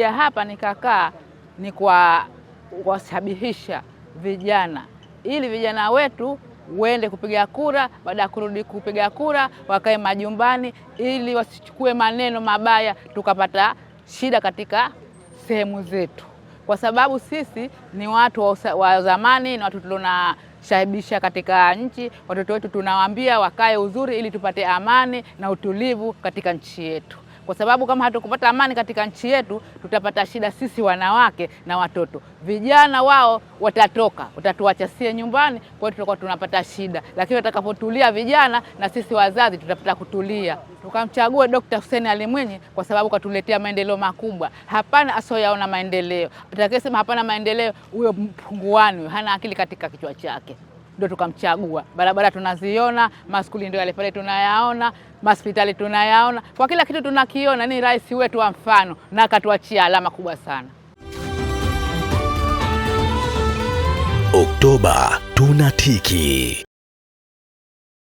Ya hapa nikakaa ni kwa kuwasabihisha vijana ili vijana wetu wende kupiga kura, baada ya kurudi kupiga kura wakae majumbani, ili wasichukue maneno mabaya tukapata shida katika sehemu zetu, kwa sababu sisi ni watu wa zamani, ni watu tunashahibisha katika nchi. Watoto wetu tunawaambia wakae uzuri, ili tupate amani na utulivu katika nchi yetu kwa sababu kama hatukupata amani katika nchi yetu, tutapata shida sisi wanawake na watoto. Vijana wao watatoka, watatuacha sie nyumbani, kwa hiyo tutakuwa tunapata shida, lakini watakapotulia vijana na sisi wazazi tutapata kutulia. Tukamchague Dkt. Hussein Ali Mwinyi kwa sababu katuletea maendeleo makubwa. Hapana asioyaona maendeleo, atakayesema hapana maendeleo, huyo mpunguani, hana akili katika kichwa chake ndio tukamchagua. Barabara tunaziona, maskuli ndio yale pale tunayaona, maspitali tunayaona, kwa kila kitu tunakiona. Ni rais wetu wa mfano na akatuachia alama kubwa sana. Oktoba tunatiki.